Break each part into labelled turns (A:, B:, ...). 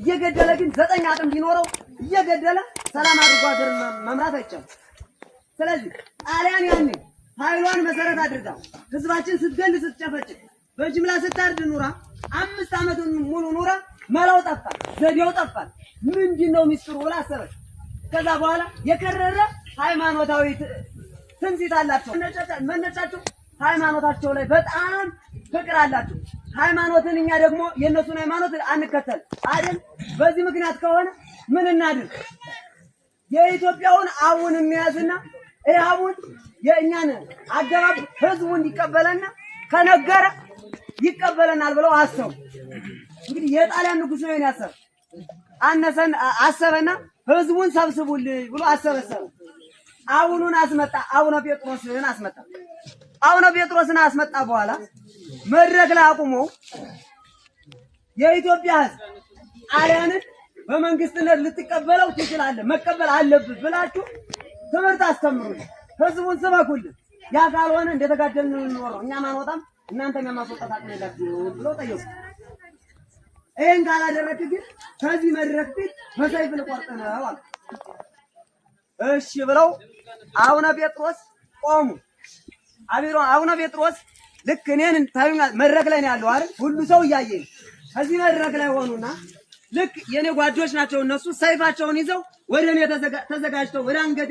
A: እየገደለ ግን ዘጠኝ አቅም ቢኖረው እየገደለ ሰላም አድርጎ አገር መምራት አይቻልም። ስለዚህ ጣሊያን ያኔ ኃይሏን መሰረት አድርጋ ህዝባችን ስትገል ስትጨፈጭ በጅምላ ስታርድ ኑራ አምስት ዓመት ሙሉ ኑራ መላው ጠፋል፣ ዘዴው ጠፋል። ምንድን ነው ሚስጥሩ ብላ አሰበች። ከዛ በኋላ የከረረ ሃይማኖታዊ ትንዚት አላቸው። መነጫቸው ሃይማኖታቸው ላይ በጣም ፍቅር አላቸው። ሃይማኖትን እኛ ደግሞ የእነሱን ሃይማኖት አንከተል አይደል? በዚህ ምክንያት ከሆነ ምን እናድርግ? የኢትዮጵያውን አቡን የሚያዝና ይህ አቡን የእኛን አገባብ ህዝቡ እንዲቀበለና ከነገረ ይቀበለናል ብለው አሰቡ። እንግዲህ የጣሊያን ንጉሥ ነው ያሰብ አነሰን አሰበና ህዝቡን ሰብስቡልኝ ብሎ አሰበሰበ። አቡኑን አስመጣ። አቡነ ጴጥሮስን አስመጣ። አቡነ ጴጥሮስን አስመጣ በኋላ መድረክ ላይ አቁመው የኢትዮጵያ ህዝብ ጣሊያንን በመንግስትነት ልትቀበለው ትችላለህ፣ መቀበል አለብህ ብላችሁ ትምህርት አስተምሩን፣ ህዝቡን ስበኩልን። ያ ካልሆነ እንደተጋደልን እንኖረው እኛ ማንወጣም እናንተ የማስወጣት አቅም የላችሁ ብሎ ጠየቁ። ይህን ካላደረክ ግን ከዚህ መድረክ ፊት በሰይፍ ልቆርጥ ነው አሉ። እሺ ብለው አቡነ ጴጥሮስ ቆሙ። አቡነ ጴጥሮስ ልክ እኔን ታዩኛል። መድረክ ላይ ነው ያለው አይደል? ሁሉ ሰው እያየኝ ከዚህ መድረክ ላይ ሆኑና ልክ የኔ ጓዶች ናቸው እነሱ ሰይፋቸውን ይዘው ወደ እኔ ተዘጋጅተው ወደ አንገት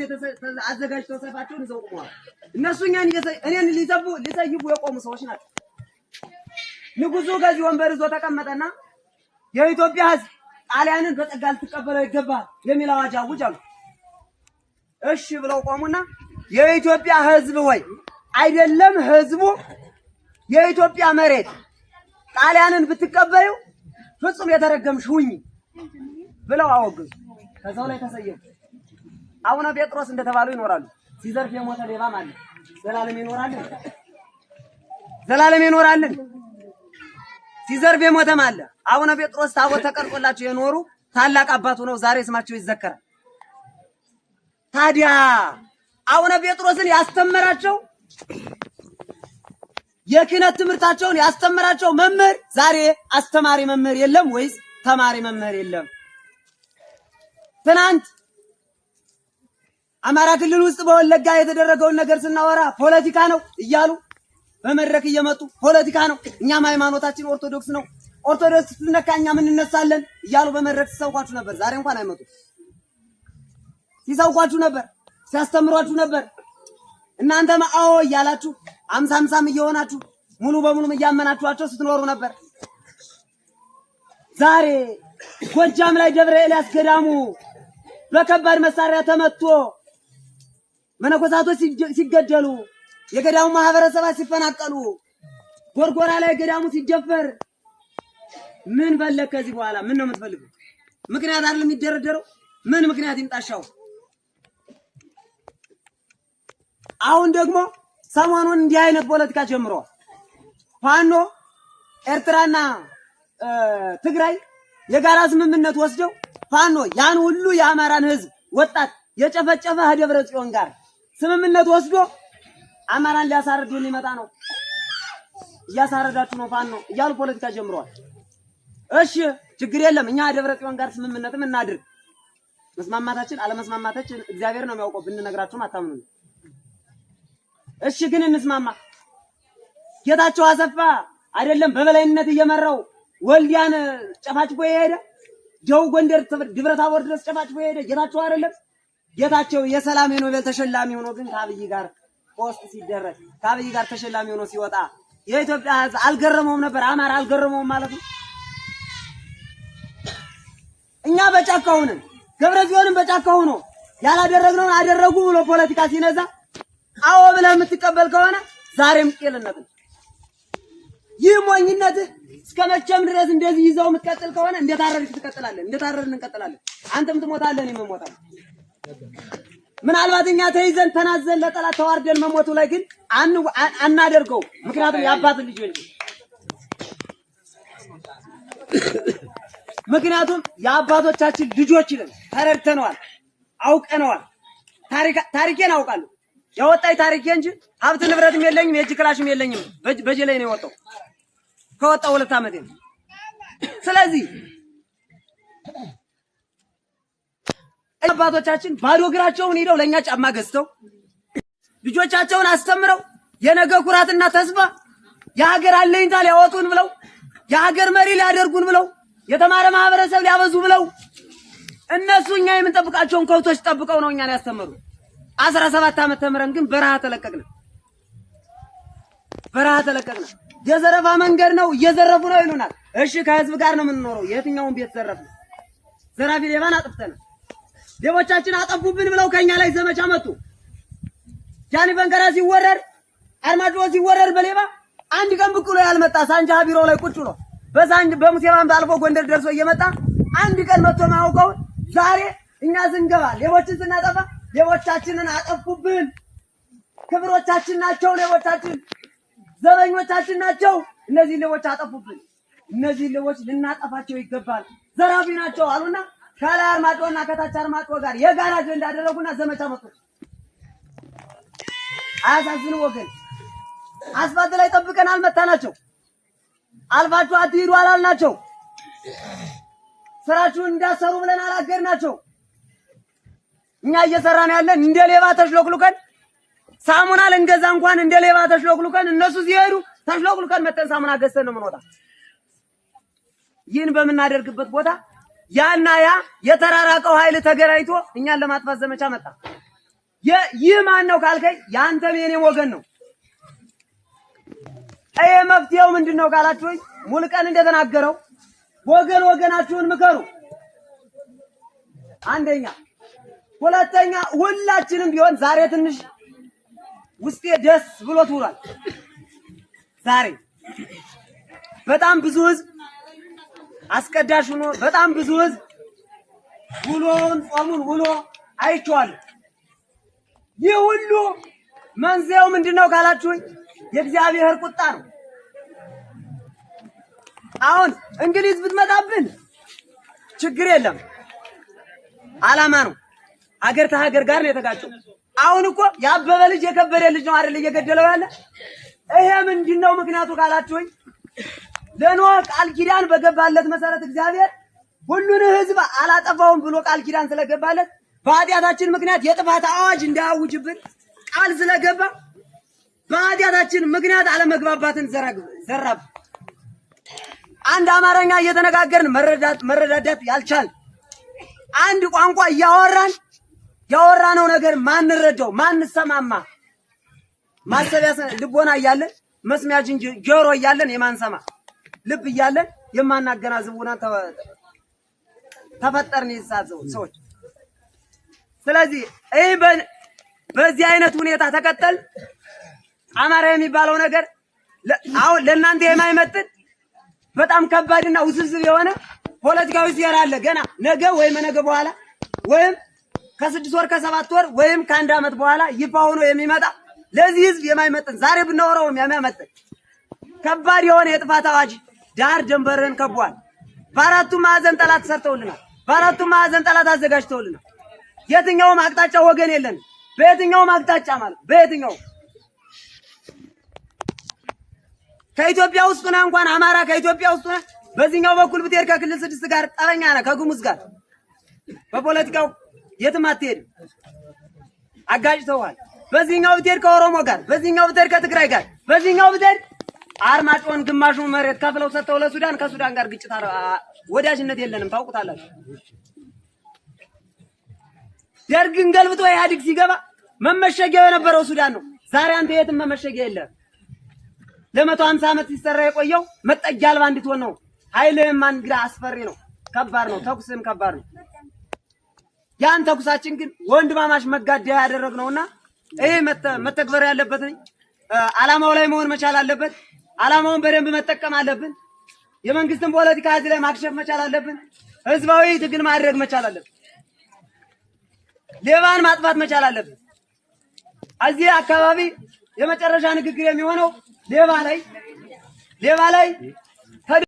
A: አዘጋጅተው ሰይፋቸውን ይዘው ቆመዋል። እነሱ እኛን እኔን ሊዘቡ ሊሰይቡ የቆሙ ሰዎች ናቸው። ንጉሱ ከዚህ ወንበር ይዞ ተቀመጠና የኢትዮጵያ ሕዝብ ጣሊያንን በጸጋ ልትቀበለው ይገባል የሚል አዋጅ አውጅ አሉ። እሺ ብለው ቆሙና የኢትዮጵያ ሕዝብ ወይ አይደለም ሕዝቡ የኢትዮጵያ መሬት ጣሊያንን ብትቀበዩ ፍጹም የተረገምሽ ሁኚ ብለው አወግዙ። ከዛው ላይ ተሰየሙ። አቡነ ጴጥሮስ እንደተባሉ ይኖራሉ። ሲዘርፍ የሞተ ሌባ ማለት ዘላለም ይኖራልን? ዘላለም ይኖራልን? ሲዘርፍ የሞተም አለ። አቡነ ጴጥሮስ ታቦት ተቀርጾላቸው የኖሩ ታላቅ አባቱ ነው። ዛሬ ስማቸው ይዘከራል። ታዲያ አቡነ ጴጥሮስን ያስተምራቸው የክህነት ትምህርታቸውን ያስተምራቸው መምህር ዛሬ አስተማሪ መምህር የለም ወይስ ተማሪ መምህር የለም? ትናንት አማራ ክልል ውስጥ በወለጋ የተደረገውን ነገር ስናወራ ፖለቲካ ነው እያሉ በመድረክ እየመጡ ፖለቲካ ነው፣ እኛም ሃይማኖታችን ኦርቶዶክስ ነው፣ ኦርቶዶክስ ስትነካ እኛም እንነሳለን እያሉ በመድረክ ሲሰውኳችሁ ነበር። ዛሬ እንኳን አይመጡ፣ ሲሰውኳችሁ ነበር፣ ሲያስተምሯችሁ ነበር። እናንተም አዎ እያላችሁ አምሳ አምሳም እየሆናችሁ ሙሉ በሙሉም እያመናችኋቸው ስትኖሩ ነበር። ዛሬ ጎጃም ላይ ደብረ ኤልያስ ገዳሙ በከባድ መሳሪያ ተመቶ መነኮሳቶች ሲገደሉ፣ የገዳሙ ማህበረሰባት ሲፈናቀሉ፣ ጎርጎራ ላይ ገዳሙ ሲደፈር ምን ፈለግ? ከዚህ በኋላ ምን ነው የምትፈልገው? ምክንያት አይደለም የሚደረደረው። ምን ምክንያት ይምጣሻው? አሁን ደግሞ ሰሞኑን እንዲህ አይነት ፖለቲካ ጀምሮ ፋኖ ኤርትራና ትግራይ የጋራ ስምምነት ወስደው ፋኖ ያን ሁሉ የአማራን ህዝብ ወጣት የጨፈጨፈ ደብረ ጽዮን ጋር ስምምነት ወስዶ አማራን ሊያሳርዱ ሊመጣ ነው፣ እያሳረዳችሁ ነው ፋኖ እያሉ ፖለቲካ ጀምረዋል። እሺ ችግር የለም እኛ ደብረ ጽዮን ጋር ስምምነትም እናድርግ። መስማማታችን አለመስማማታችን እግዚአብሔር ነው የሚያውቀው። ብንነግራችሁም አታምኑም። እሺ ግን እንስማማ። ጌታቸው አሰፋ አይደለም በበላይነት እየመራው ወልዲያን ጨፋጭፎ የሄደ ደው ጎንደር ድብረታቦር ድረስ ጨፋጭፎ የሄደ ጌታቸው አይደለም። ጌታቸው የሰላም የኖቤል ተሸላሚ ሆኖ ግን ከአብይ ጋር ፖስት ሲደረግ ከአብይ ጋር ተሸላሚ ሆኖ ሲወጣ የኢትዮጵያ ሕዝብ አልገረመውም ነበር? አማራ አልገረመውም ማለት ነው። እኛ በጫካ ሆነን ገብረ ጽዮንም በጫካ ሆኖ ያላደረግነውን አደረጉ ብሎ ፖለቲካ ሲነዛ አዎ ብለህ የምትቀበል ከሆነ ዛሬም ቄልነት ይህ ሞኝነትህ እስከ መቼም ድረስ እንደዚህ ይዘው የምትቀጥል ከሆነ እንደታረድክ ትቀጥላለህ፣ እንደታረድን እንቀጥላለን። አንተም ትሞታለህ፣ እኔም እሞታለሁ። ምናልባት እኛ ተይዘን ተናዘን ለጠላት ተዋርደን መሞቱ ላይ ግን አናደርገው። ምክንያቱም የአባት ልጅ እንጂ ምክንያቱም የአባቶቻችን ልጆች ይለን ተረድተነዋል፣ አውቀነዋል። ታሪኬን አውቃለሁ። ያወጣኝ ታሪኬ እንጂ ሀብት ንብረትም የለኝም፣ የእጅ ክላሽም የለኝም። በጄ ላይ ነው የወጣው። ከወጣው ሁለት ዓመቴ ነው። ስለዚህ አባቶቻችን ባዶ እግራቸውን ሄደው ለእኛ ጫማ ገዝተው ልጆቻቸውን አስተምረው የነገ ኩራትና ተስፋ የሀገር አለኝታ ሊያወጡን ብለው የሀገር መሪ ሊያደርጉን ብለው የተማረ ማህበረሰብ ሊያበዙ ብለው እነሱ እኛ የምንጠብቃቸውን ከብቶች ጠብቀው ነው እኛን ያስተምሩ። አስራ ሰባት ዓመተ ተምረን ግን በረሃ ተለቀቅን፣ በረሃ ተለቀቅነ። የዘረፋ መንገድ ነው፣ እየዘረፉ ነው ይሉናል። እሺ ከህዝብ ጋር ነው የምንኖረው። የትኛውን ቤት ዘረፍን? ዘራፊ ሌባን አጥፍተን፣ ሌቦቻችን አጠፉብን ብለው ከኛ ላይ ዘመቻ መጡ። ጃኒ በንከራ ሲወረድ፣ አርማጭሆ ሲወረድ በሌባ አንድ ቀን ብቅ ብሎ ያልመጣ ሳንጃ ቢሮ ላይ ቁጭ ብሎ በሳንጅ በሙሴባን ባልፎ ጎንደር ደርሶ እየመጣ አንድ ቀን መጥቶ ማውቀው ዛሬ እኛ ስንገባ ሌቦችን ስናጠፋ ሌቦቻችንን አጠፉብን። ክብሮቻችን ናቸው ሌቦቻችን፣ ዘበኞቻችን ናቸው። እነዚህ ሌቦች አጠፉብን። እነዚህ ሌቦች ልናጠፋቸው ይገባል። ዘራቢ ናቸው አሉና ከላይ አርማጮና ከታች አርማጮ ጋር የጋራ አጀንዳ አደረጉና ዘመቻ መጡ። አያሳዝን ወገን? አስፋልት ላይ ጠብቀን አልመታናቸው። አልፋችሁ አትሂዱ አላልናቸው። ስራችሁን እንዳሰሩ ብለን አላገርናቸው። እኛ እየሰራን ያለን እንደ ሌባ ተሽሎክሉከን ሳሙና ልንገዛ እንኳን እንደ ሌባ ተሽሎክሉከን እነሱ ሲሄዱ ተሽሎክሉከን መተን ሳሙና ገዝተን ነው የምንወጣ። ይህን በምናደርግበት ቦታ ያና ያ የተራራቀው ኃይል ተገናኝቶ እኛን ለማጥፋት ዘመቻ መጣ። ይህ ማን ነው ካልከኝ የአንተም የኔም ወገን ነው። ይሄ መፍትሄው ምንድን ነው ሙልቀን እንደተናገረው ወገን ወገናችሁን ምከሩ። አንደኛ ሁለተኛ ሁላችንም ቢሆን ዛሬ ትንሽ ውስጤ ደስ ብሎት ውሏል። ዛሬ በጣም ብዙ ህዝብ አስቀዳሽ ሆኖ በጣም ብዙ ህዝብ ውሎውን ጾሙን ውሎ አይቼዋለሁ። ይህ ሁሉ መንስኤው ምንድነው ካላችሁኝ የእግዚአብሔር ቁጣ ነው። አሁን እንግሊዝ ብትመጣብን ችግር የለም፣ አላማ ነው። አገር ተሀገር ጋር ነው የተጋጨው። አሁን እኮ ያበበ ልጅ የከበደ ልጅ ነው አይደል እየገደለው ያለ። ይሄ ምንድን ነው ምክንያቱ ካላችሁኝ ለኖህ ቃል ኪዳን በገባለት መሰረት እግዚአብሔር ሁሉን ህዝብ አላጠፋውም ብሎ ቃል ኪዳን ስለገባለት በኃጢአታችን ምክንያት የጥፋት አዋጅ እንዳያውጅብን ቃል ስለገባ በኃጢአታችን ምክንያት አለመግባባትን ዘራብ አንድ አማርኛ እየተነጋገርን መረዳዳት ያልቻል አንድ ቋንቋ እያወራን ያወራነው ነገር ማንረዳው ማንሰማማ ማሰቢያ ልቦና እያለን መስሚያ ጆሮ እያለን የማንሰማ ልብ እያለን የማናገናዝብ ተፈጠርን የተሳዘው ሰዎች። ስለዚህ ይህ በዚህ አይነት ሁኔታ ተቀጠል አማራ የሚባለው ነገር አሁን ለእናንተ የማይመጥን በጣም ከባድና ውስብስብ የሆነ ፖለቲካዊ ሴራ አለ። ገና ነገ ወይም ነገ በኋላ ወይም ከስድስት ወር ከሰባት ወር ወይም ከአንድ ዓመት በኋላ ይፋ ሆኖ የሚመጣ ለዚህ ህዝብ የማይመጥን ዛሬ ብናወራውም የሚያመጥን ከባድ የሆነ የጥፋት አዋጅ ዳር ድንበርን ከቧል። በአራቱ ማዕዘን ጠላት ሰርተውልናል። በአራቱ ማዕዘን ጠላት አዘጋጅተውልናል። የትኛውም አቅጣጫ ወገን የለን። በየትኛውም አቅጣጫ ማለት በየትኛው ከኢትዮጵያ ውስጥ ነህ እንኳን አማራ ከኢትዮጵያ ውስጥ ነህ፣ በዚህኛው በኩል ብትሄድ ከክልል ስድስት ጋር ጠበኛ ነህ፣ ከጉሙዝ ጋር በፖለቲካው የትም አትሄድም። አጋጭተዋል በዚህኛው ብትሄድ ከኦሮሞ ጋር፣ በዚህኛው ብትሄድ ከትግራይ ጋር፣ በዚህኛው ብትሄድ አርማጮን ግማሹ መሬት ከፍለው ሰጥተው ለሱዳን ከሱዳን ጋር ግጭት ወዳጅነት የለንም ታውቁታላችሁ። ደርግን ገልብጦ ያድግ ሲገባ መመሸጊያው የነበረው ሱዳን ነው። ዛሬ አንተ የትም መመሸጊያ የለም። ለመቶ ሃምሳ ዓመት ሲሰራ የቆየው መጠጊያ አልባ እንድትሆን ነው። ኃይልህም አንግዳ አስፈሪ ነው። ከባድ ነው። ተኩስም ከባድ ነው። ያን ተኩሳችን ግን ወንድማማች መጋደያ ያደረግነውና ይሄ መተግበር ያለበት አላማው ላይ መሆን መቻል አለበት። አላማውን በደንብ መጠቀም አለብን። የመንግስትን ፖለቲካ እዚህ ላይ ማክሸፍ መቻል አለብን። ህዝባዊ ትግል ማድረግ መቻል አለብን። ሌባን ማጥፋት መቻል አለብን። እዚህ አካባቢ የመጨረሻ ንግግር የሚሆነው ሌባ ላይ ሌባ ላይ